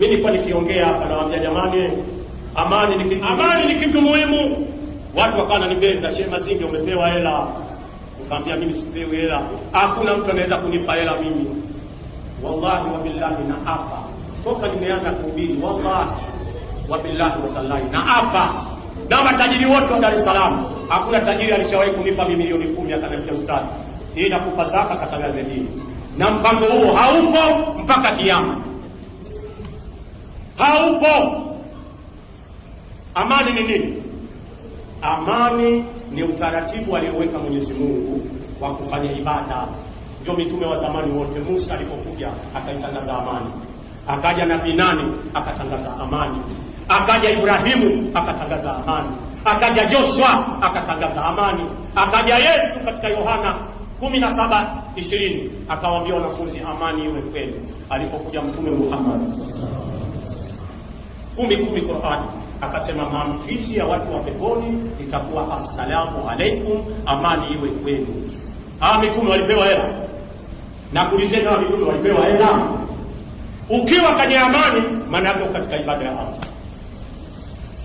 Mimi nilikuwa nikiongea hapa nawaambia jamani, amani ni kitu amani ni kitu muhimu. Watu wakawa wananibeza, Sheikh Mazinge, umepewa hela? Nikamwambia mimi sipewi hela, hakuna mtu anaweza kunipa hela mimi. Wallahi wabillahi, na hapa toka nimeanza kuhubiri, wallahi wabillahi watallahi, na hapa na matajiri wote wa Dar es Salaam, hakuna tajiri alishawahi kunipa mimi milioni kumi akaniambia ustadi, hii nakupa zaka katika gazeti na mpango huo haupo mpaka kiama haupo. Amani ni nini? Amani ni utaratibu alioweka Mwenyezi Mungu wa kufanya ibada. Ndio mitume wa zamani wote. Musa alipokuja akaitangaza amani, akaja nabii nani akatangaza amani, akaja Ibrahimu akatangaza amani, akaja Joshua akatangaza amani, akaja Yesu katika Yohana 17:20 akawaambia wanafunzi amani iwe kwenu. Alipokuja Mtume Muhammad kumi kumi Qurani akasema, maamkizi ya watu wa peponi itakuwa assalamu alaikum, amani iwe kwenu. Hawa ah, mitume walipewa hela na kulizeni, hawa mitume walipewa hela. Ukiwa kwenye amani, maana yako katika ibada ya Allah.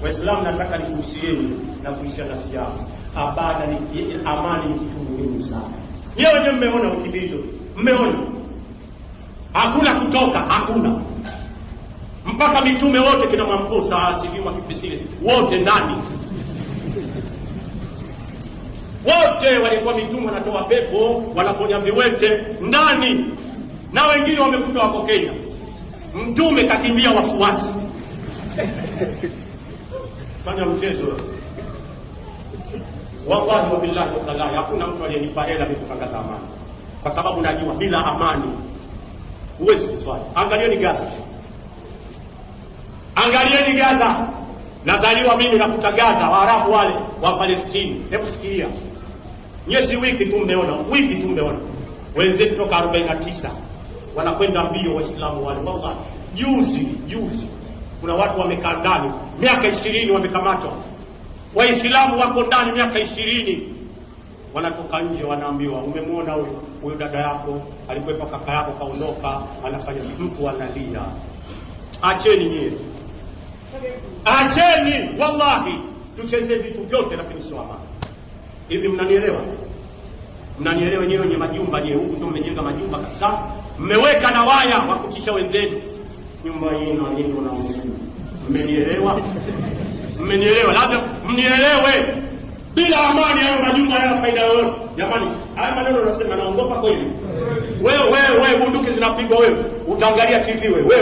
Waislamu, nataka nikuhusieni na kuhusia nafsi yako, abada ni amani, ni kitu muhimu sana. Nyewe wenyewe mmeona ukimbizo, mmeona hakuna kutoka, hakuna mpaka mitume wote kina Mwamposa Silimu Kipisile wote ndani wote walikuwa mitume wanatoa pepo wanaponya viwete ndani, na wengine wamekuta wako Kenya. Mtume kakimbia wafuasi fanya mchezo wallahi wabillahi watallahi, hakuna mtu aliyenipa hela mimi amani, kwa sababu najua bila amani huwezi kuswali. Angalieni Gaza Angalieni Gaza, nazaliwa mimi na kutangaza Waarabu wale wa Palestina. Hebu fikiria nyie, si wiki tu mmeona, wiki tu mmeona wenzetu toka 49 wanakwenda mbio, Waislamu wale wallahi. Juzi juzi kuna watu wamekaa ndani miaka ishirini wamekamatwa, Waislamu wako ndani miaka ishirini wanatoka nje wanaambiwa, umemwona huyo dada yako alikuwepo, kaka yako kaondoka, anafanya mtu analia. Acheni nyie. Acheni wallahi, tucheze vitu vyote, lakini sio hapa Hivi mnanielewa? Mnanielewa nyewe? Wenye majumba nyewe, huku ndo mmejenga majumba kabisa, mmeweka na waya wa kutisha wenzenu, nyumba hii na nini na Mmenielewa? Mmenielewa? Lazima mnielewe. Bila amani, hayo majumba hayana faida yoyote. Jamani, haya maneno unasema, naongopa kweli? Wewe wewe, bunduki zinapigwa, wewe utaangalia TV wewe.